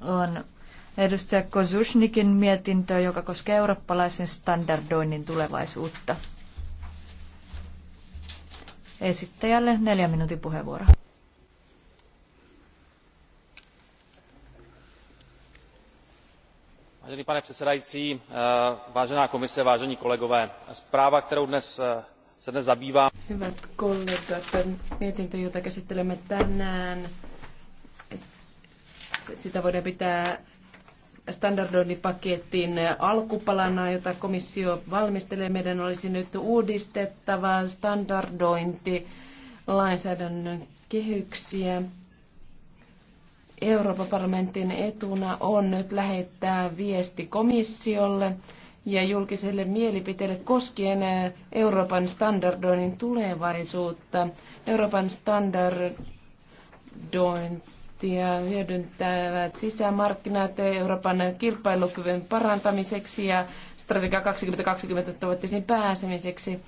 on edustaja Kosusnikin mietintö, joka koskee eurooppalaisen standardoinnin tulevaisuutta. Esittäjälle neljä minuutin puheenvuoro. vážený pane předsedající eh, vážená komise vážení kolegové zpráva kterou dnes eh, se dnes zabýváme. hyvät kollegat mietintö jota käsittelemme tänään sitä voidaan pitää standardoinnipakettiin alkupalana, jota komissio valmistelee. Meidän olisi nyt uudistettava standardointi lainsäädännön kehyksiä. Euroopan parlamentin etuna on nyt lähettää viesti komissiolle ja julkiselle mielipiteelle koskien Euroopan standardoinnin tulevaisuutta. Euroopan standardointi ja hyödyntävät sisämarkkinat Euroopan kilpailukyvyn parantamiseksi ja strategia 2020 tavoitteisiin pääsemiseksi.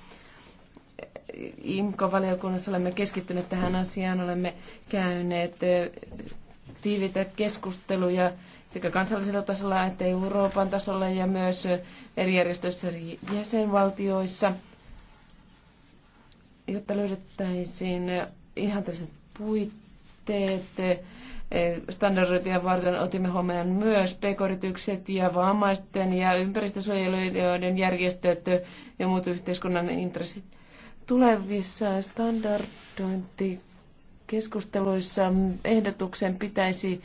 IMKO-valiokunnassa olemme keskittyneet tähän asiaan, olemme käyneet eh, tiiviitä keskusteluja sekä kansallisella tasolla että Euroopan tasolla ja myös eh, eri järjestöissä eri jäsenvaltioissa, jotta löydettäisiin eh, ihan tässä puitteet standardointia varten otimme huomioon myös pekoritykset ja vammaisten ja ympäristösuojelijoiden järjestöt ja muut yhteiskunnan intressit. Tulevissa standardointikeskusteluissa ehdotuksen pitäisi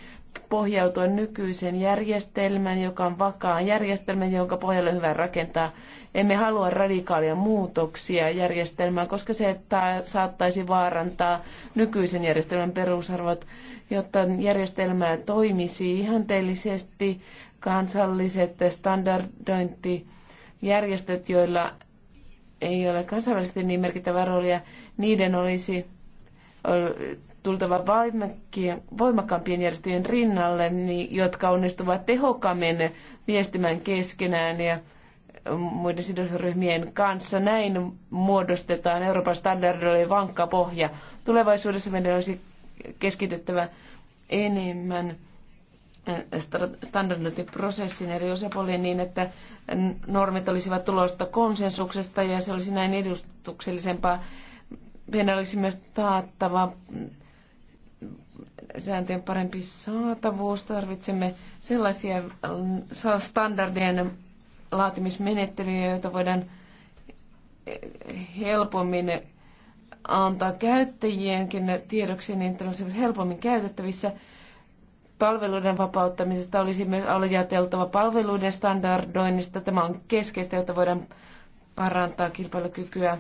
pohjautua nykyisen järjestelmän, joka on vakaan järjestelmän, jonka pohjalle on hyvä rakentaa. Emme halua radikaalia muutoksia järjestelmään, koska se että saattaisi vaarantaa nykyisen järjestelmän perusarvot, jotta järjestelmää toimisi ihanteellisesti kansalliset standardointijärjestöt, joilla ei ole kansainvälisesti niin merkittävää roolia, niiden olisi tultava voimakkaampien järjestöjen rinnalle, niin, jotka onnistuvat tehokkaammin viestimään keskenään ja muiden sidosryhmien kanssa. Näin muodostetaan Euroopan standardille vankka pohja. Tulevaisuudessa meidän olisi keskityttävä enemmän standardointiprosessin eri osapuolien niin, että normit olisivat tulosta konsensuksesta ja se olisi näin edustuksellisempaa. Meidän olisi myös taattava sääntöjen parempi saatavuus. Tarvitsemme sellaisia äh, standardien laatimismenettelyjä, joita voidaan eh, helpommin antaa käyttäjienkin tiedoksi, niin että olisivat helpommin käytettävissä. Palveluiden vapauttamisesta olisi myös ajateltava palveluiden standardoinnista. Tämä on keskeistä, jotta voidaan parantaa kilpailukykyä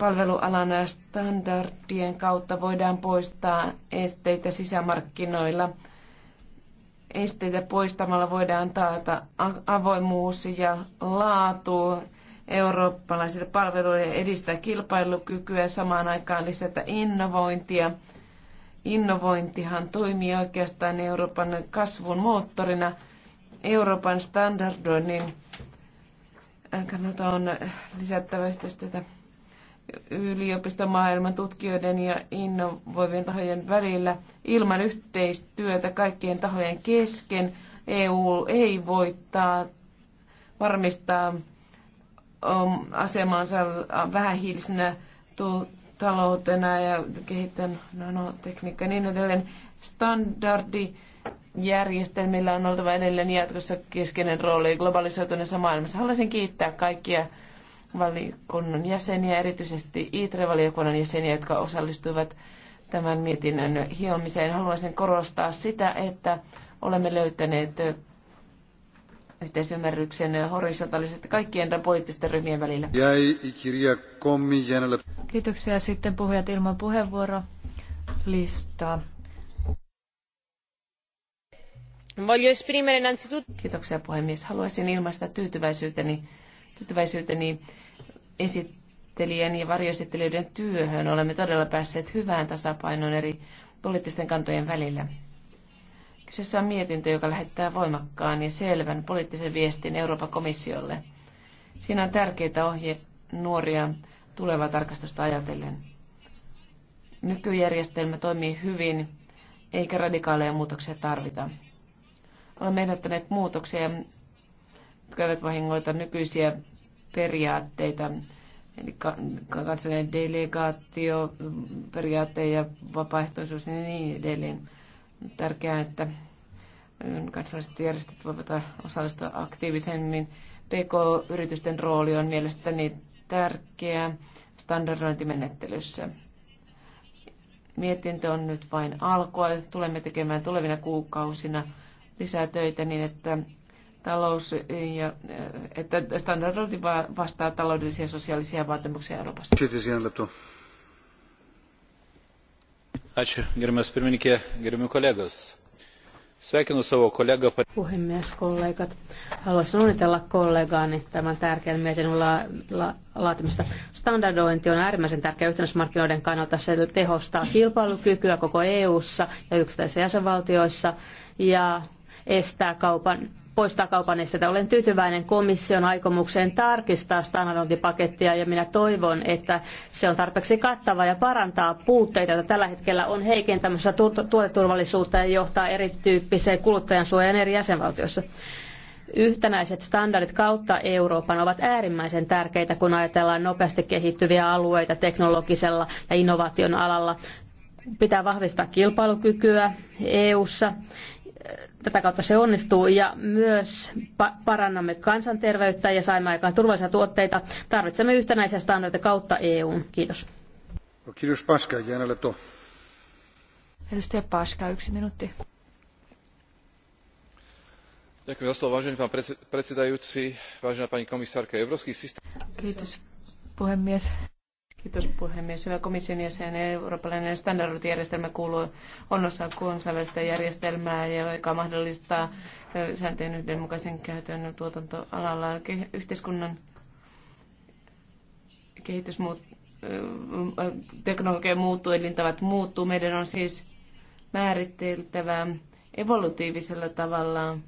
Palvelualan standardien kautta voidaan poistaa esteitä sisämarkkinoilla. Esteitä poistamalla voidaan taata avoimuus ja laatu eurooppalaisille palveluille edistää kilpailukykyä samaan aikaan lisätä innovointia. Innovointihan toimii oikeastaan Euroopan kasvun moottorina. Euroopan standardoinnin kannalta on lisättävä yhteistyötä yliopistomaailman tutkijoiden ja innovoivien tahojen välillä. Ilman yhteistyötä kaikkien tahojen kesken EU ei voi varmistaa um, asemansa vähähiilisenä taloutena ja kehittää nanotekniikkaa niin edelleen. Standardi järjestelmillä on oltava edelleen jatkossa keskeinen rooli globalisoituneessa maailmassa. Haluaisin kiittää kaikkia valiokunnan jäseniä, erityisesti ITRE-valiokunnan jäseniä, jotka osallistuivat tämän mietinnön hiomiseen. Haluaisin korostaa sitä, että olemme löytäneet yhteisymmärryksen horisontaalisesti kaikkien poliittisten ryhmien välillä. Kiitoksia. Sitten puhujat ilman puheenvuorolistaa. Voglio esprimere innanzitutto. Kiitoksia puhemies. Haluaisin ilmaista tyytyväisyyteni tyytyväisyyteni esittelijän ja varjoesittelijöiden työhön. Olemme todella päässeet hyvään tasapainoon eri poliittisten kantojen välillä. Kyseessä on mietintö, joka lähettää voimakkaan ja selvän poliittisen viestin Euroopan komissiolle. Siinä on tärkeitä ohje nuoria tulevaa tarkastusta ajatellen. Nykyjärjestelmä toimii hyvin, eikä radikaaleja muutoksia tarvita. Olemme ehdottaneet muutoksia, jotka eivät vahingoita nykyisiä periaatteita, eli kansallinen delegaatio, periaate ja vapaaehtoisuus ja niin edelleen. On tärkeää, että kansalliset järjestöt voivat osallistua aktiivisemmin. PK-yritysten rooli on mielestäni tärkeä standardointimenettelyssä. Mietintö on nyt vain alkua. Tulemme tekemään tulevina kuukausina lisää töitä niin, että talous ja että standardointi vastaa taloudellisia ja sosiaalisia vaatimuksia Euroopassa. Sveikinu savo kollega. Puhemies, kollegat. Haluaisin onnitella kollegaani tämän tärkeän mietinnön la- la- laatimista. Standardointi on äärimmäisen tärkeä yhtenäismarkkinoiden kannalta. Se tehostaa kilpailukykyä koko EU-ssa ja yksittäisissä jäsenvaltioissa ja estää kaupan poistaa kaupan esteitä. Olen tyytyväinen komission aikomukseen tarkistaa standardointipakettia ja minä toivon, että se on tarpeeksi kattava ja parantaa puutteita, joita tällä hetkellä on heikentämässä tuoteturvallisuutta ja johtaa erityyppiseen kuluttajansuojaan eri jäsenvaltioissa. Yhtenäiset standardit kautta Euroopan ovat äärimmäisen tärkeitä, kun ajatellaan nopeasti kehittyviä alueita teknologisella ja innovaation alalla. Pitää vahvistaa kilpailukykyä EU:ssa tätä kautta se onnistuu ja myös pa- parannamme kansanterveyttä ja saimme aikaan turvallisia tuotteita. Tarvitsemme yhtenäisiä standardeja kautta EUn. Kiitos. No, Kiitos Paska, to. Edustaja Paska, yksi minuutti. Ďakujem za slovo, vážený pán predsedajúci, vážená pani komisárka. Európsky systém... Kiitos, puhemies. Kiitos puhemies. Hyvä komission jäsen. Eurooppalainen standardointijärjestelmä kuuluu on osa kansainvälistä järjestelmää, ja joka mahdollistaa sääntöjen yhdenmukaisen käytön tuotantoalalla. Yhteiskunnan kehitys muut, teknologia muuttuu, elintavat muuttuu. Meidän on siis määriteltävä evolutiivisella tavalla,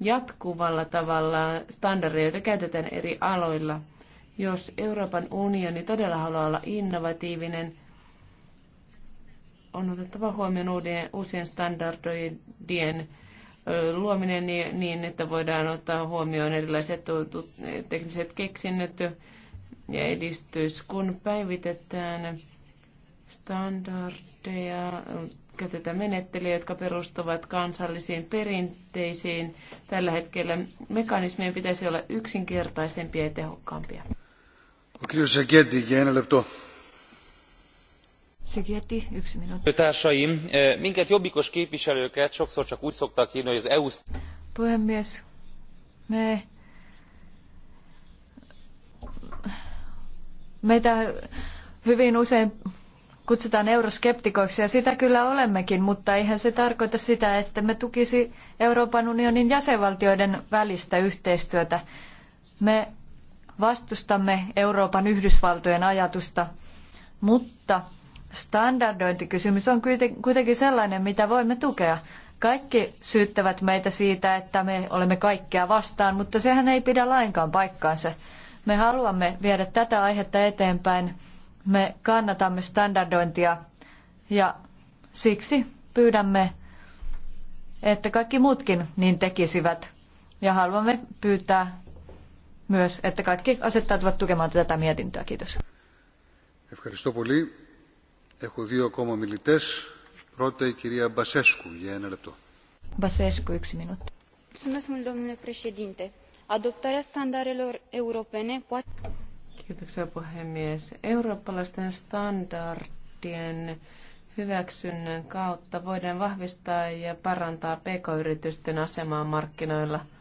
jatkuvalla tavalla standardeja, joita käytetään eri aloilla – jos Euroopan unioni todella haluaa olla innovatiivinen, on otettava huomioon uuden, uusien standardien luominen niin, että voidaan ottaa huomioon erilaiset tekniset keksinnöt ja edistys, kun päivitetään standardeja, käytetään menettelyjä, jotka perustuvat kansallisiin perinteisiin. Tällä hetkellä mekanismien pitäisi olla yksinkertaisempia ja tehokkaampia képviselőtársaim! minket jobbikos képviselőket sokszor csak úgy szoktak hvni hogy az eu puhemies me meitä hyvin usein kutsutaan euroskeptikoiksi ja sitä kyllä olemmekin, mutta eihän se tarkoita sitä, että me tukisi Euroopan unionin jäsenvaltioiden välistä yhteistyötä. Me vastustamme Euroopan Yhdysvaltojen ajatusta, mutta standardointikysymys on kuitenkin sellainen, mitä voimme tukea. Kaikki syyttävät meitä siitä, että me olemme kaikkea vastaan, mutta sehän ei pidä lainkaan paikkaansa. Me haluamme viedä tätä aihetta eteenpäin. Me kannatamme standardointia ja siksi pyydämme, että kaikki muutkin niin tekisivät. Ja haluamme pyytää myös, että kaikki asettautuvat tukemaan tätä mietintöä. Kiitos. Ευχαριστώ πολύ. Έχω δύο ακόμα μιλητές. Πρώτα η κυρία Μπασέσκου για ένα λεπτό. Μπασέσκου, yksi minuutti. Mulțumesc mult, domnule președinte. Adoptarea standardelor europene poate... Kiitoksia puhemies. Eurooppalaisten standardien hyväksynnän kautta voidaan vahvistaa ja parantaa pk-yritysten asemaa markkinoilla –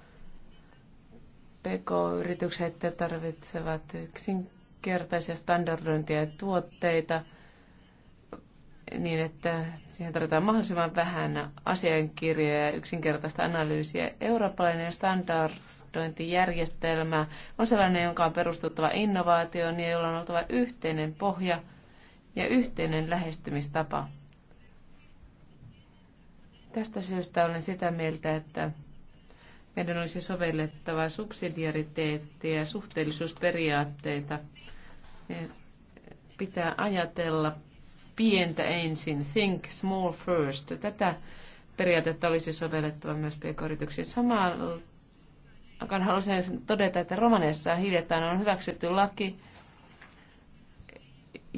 PK-yritykset tarvitsevat yksinkertaisia standardointia ja tuotteita niin, että siihen tarvitaan mahdollisimman vähän asiankirjoja ja yksinkertaista analyysiä. Eurooppalainen standardointijärjestelmä on sellainen, jonka on perustuttava innovaatioon ja jolla on oltava yhteinen pohja ja yhteinen lähestymistapa. Tästä syystä olen sitä mieltä, että meidän olisi sovellettava subsidiariteettia ja suhteellisuusperiaatteita. Pitää ajatella pientä ensin, think small first. Tätä periaatetta olisi sovellettava myös pk-yrityksiin. Samalla haluaisin todeta, että Romaniassa hiljattain on hyväksytty laki,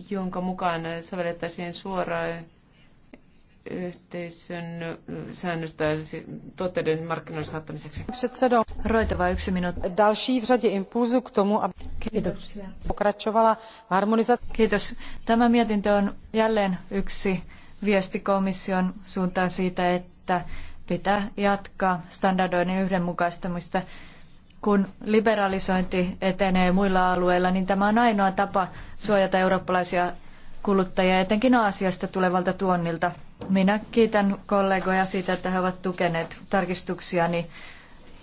jonka mukaan sovellettaisiin suoraan yhteisön säännöstä tuotteiden markkinoille saattamiseksi. Roitava yksi minuutti. Další v řadě impulzu k tomu, aby Kiitoksia. pokračovala harmonisaatio. Kiitos. Tämä mietintö on jälleen yksi viesti komission suuntaan siitä, että pitää jatkaa standardoinnin yhdenmukaistamista. Kun liberalisointi etenee muilla alueilla, niin tämä on ainoa tapa suojata eurooppalaisia kuluttajia, etenkin Aasiasta tulevalta tuonnilta. Minä kiitän kollegoja siitä, että he ovat tukeneet tarkistuksiani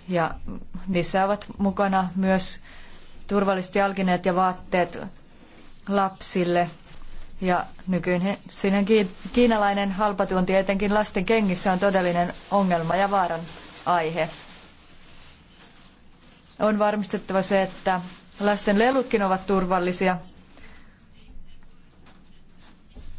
ja niissä ovat mukana myös turvalliset jalkineet ja vaatteet lapsille. Ja nykyinen siinä kiinalainen halpatuonti etenkin lasten kengissä on todellinen ongelma ja vaaran aihe. On varmistettava se, että lasten lelutkin ovat turvallisia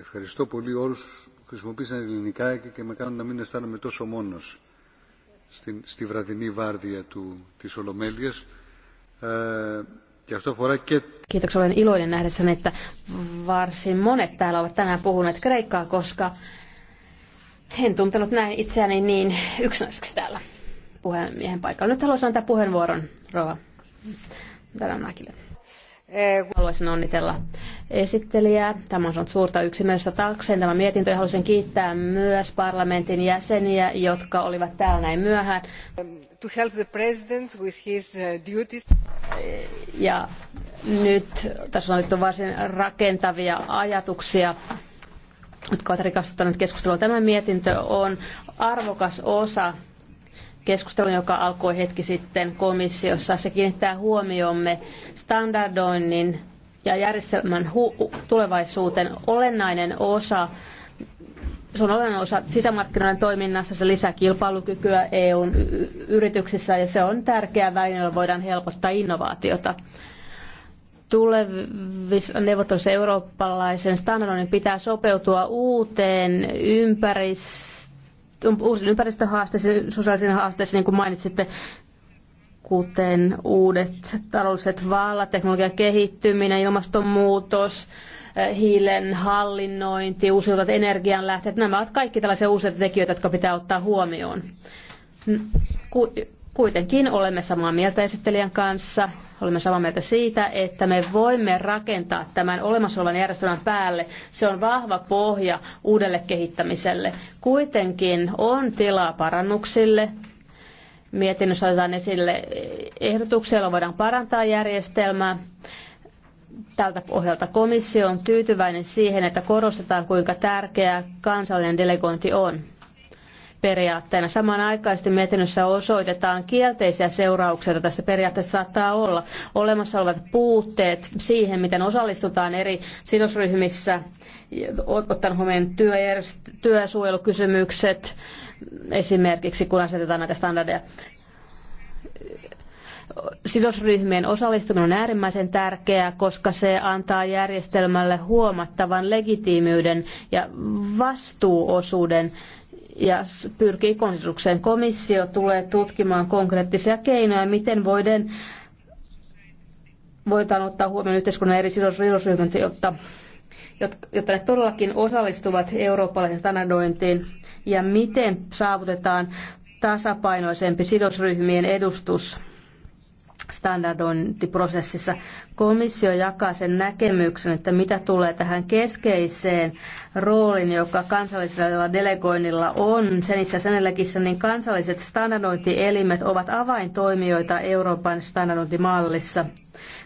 Ευχαριστώ πολύ όλους που χρησιμοποίησαν ελληνικά και, και με κάνουν να μην αισθάνομαι τόσο μόνος στη, στη βραδινή βάρδια του, της Ολομέλειας. Ε, και αυτό αφορά και... Kiitoksia, olen iloinen nähdessäni, että varsin monet täällä ovat tänään puhuneet kreikkaa, koska en tuntenut näin itseäni niin yksinäiseksi täällä puhemiehen paikalla. Nyt haluaisin antaa puheenvuoron Rova Danamakille. Haluaisin onnitella esittelijää. Tämä on saanut suurta yksimielistä taakseen. Tämä mietintö ja haluaisin kiittää myös parlamentin jäseniä, jotka olivat täällä näin myöhään. To help the president with his uh, duties. Ja nyt tässä on nyt varsin rakentavia ajatuksia jotka ovat rikastuttaneet keskustelua. Tämä mietintö on arvokas osa keskustelun, joka alkoi hetki sitten komissiossa. Se kiinnittää huomiomme standardoinnin ja järjestelmän tulevaisuuteen olennainen osa se on olennainen osa sisämarkkinoiden toiminnassa, se lisää kilpailukykyä EUn yrityksissä ja se on tärkeä väline, jolla voidaan helpottaa innovaatiota. Tulevissa neuvottelussa eurooppalaisen standardoinnin pitää sopeutua uuteen ympäristöön uusiin ympäristöhaasteisiin, sosiaalisiin haasteisiin, niin kuin mainitsitte, kuten uudet taloudelliset vallat, teknologian kehittyminen, ilmastonmuutos, eh, hiilen hallinnointi, uusiutuvat energianlähteet. Nämä ovat kaikki tällaisia uusia tekijöitä, jotka pitää ottaa huomioon Kuitenkin olemme samaa mieltä esittelijän kanssa. Olemme samaa mieltä siitä, että me voimme rakentaa tämän olemassa olevan järjestelmän päälle. Se on vahva pohja uudelle kehittämiselle. Kuitenkin on tilaa parannuksille. Mietinnössä otetaan esille joilla voidaan parantaa järjestelmää. Tältä pohjalta komissio on tyytyväinen siihen, että korostetaan kuinka tärkeää kansallinen delegointi on periaatteena. Samanaikaisesti mietinnössä osoitetaan kielteisiä seurauksia, joita tästä periaatteesta saattaa olla. Olemassa olevat puutteet siihen, miten osallistutaan eri sidosryhmissä, ottaen huomioon työsuojelukysymykset, esimerkiksi kun asetetaan näitä standardeja sidosryhmien osallistuminen on äärimmäisen tärkeää, koska se antaa järjestelmälle huomattavan legitiimiyden ja vastuuosuuden ja pyrkii konsensukseen. Komissio tulee tutkimaan konkreettisia keinoja, miten voiden, voidaan ottaa huomioon yhteiskunnan eri sidosryhmät, jotta, jotta ne todellakin osallistuvat eurooppalaisen standardointiin ja miten saavutetaan tasapainoisempi sidosryhmien edustus standardointiprosessissa. Komissio jakaa sen näkemyksen, että mitä tulee tähän keskeiseen rooliin, joka kansallisella delegoinnilla on senissä senelläkissä, niin kansalliset standardointielimet ovat avaintoimijoita Euroopan standardointimallissa.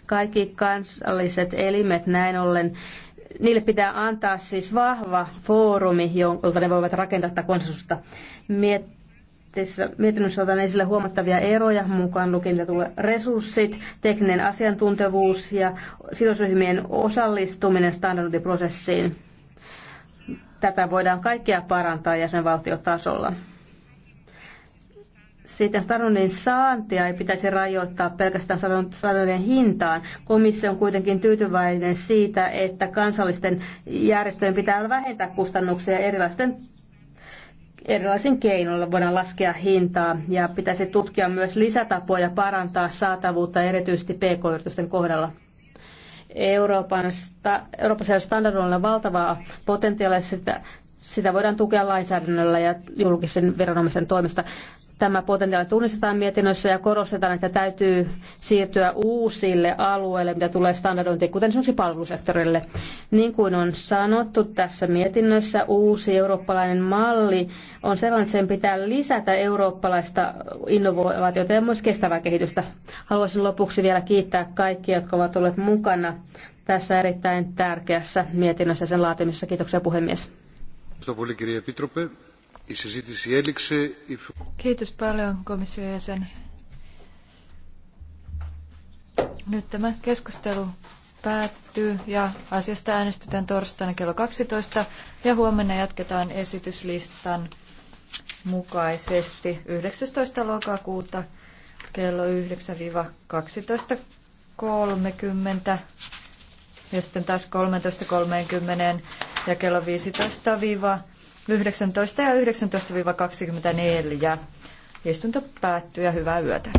Kaikki kansalliset elimet näin ollen niille pitää antaa siis vahva foorumi, jolta ne voivat rakentaa tätä konsensusta. Miet- tässä mietinnössä otan esille huomattavia eroja, mukaan lukien tulee resurssit, tekninen asiantuntevuus ja sidosryhmien osallistuminen standardiprosessiin. Tätä voidaan kaikkia parantaa jäsenvaltiotasolla. Sitten standardin saantia ei pitäisi rajoittaa pelkästään standardien hintaan. Komissio on kuitenkin tyytyväinen siitä, että kansallisten järjestöjen pitää vähentää kustannuksia erilaisten erilaisin keinoilla voidaan laskea hintaa ja pitäisi tutkia myös lisätapoja parantaa saatavuutta erityisesti pk-yritysten kohdalla. Euroopan, sta, on standardoilla valtavaa potentiaalia, sitä, sitä voidaan tukea lainsäädännöllä ja julkisen viranomaisen toimesta. Tämä potentiaali tunnistetaan mietinnössä ja korostetaan, että täytyy siirtyä uusille alueille, mitä tulee standardointiin, kuten esimerkiksi palvelusektorille. Niin kuin on sanottu tässä mietinnössä, uusi eurooppalainen malli on sellainen, että sen pitää lisätä eurooppalaista innovaatiota ja myös kestävää kehitystä. Haluaisin lopuksi vielä kiittää kaikkia, jotka ovat olleet mukana tässä erittäin tärkeässä mietinnössä sen laatimisessa. Kiitoksia puhemies. Kiitos, Kiitos paljon komission jäsen. Nyt tämä keskustelu päättyy ja asiasta äänestetään torstaina kello 12 ja huomenna jatketaan esityslistan mukaisesti 19. lokakuuta kello 9-12.30 ja sitten taas 13.30 ja kello 15- 19 ja 19-24. Istunto päättyy ja hyvää yötä.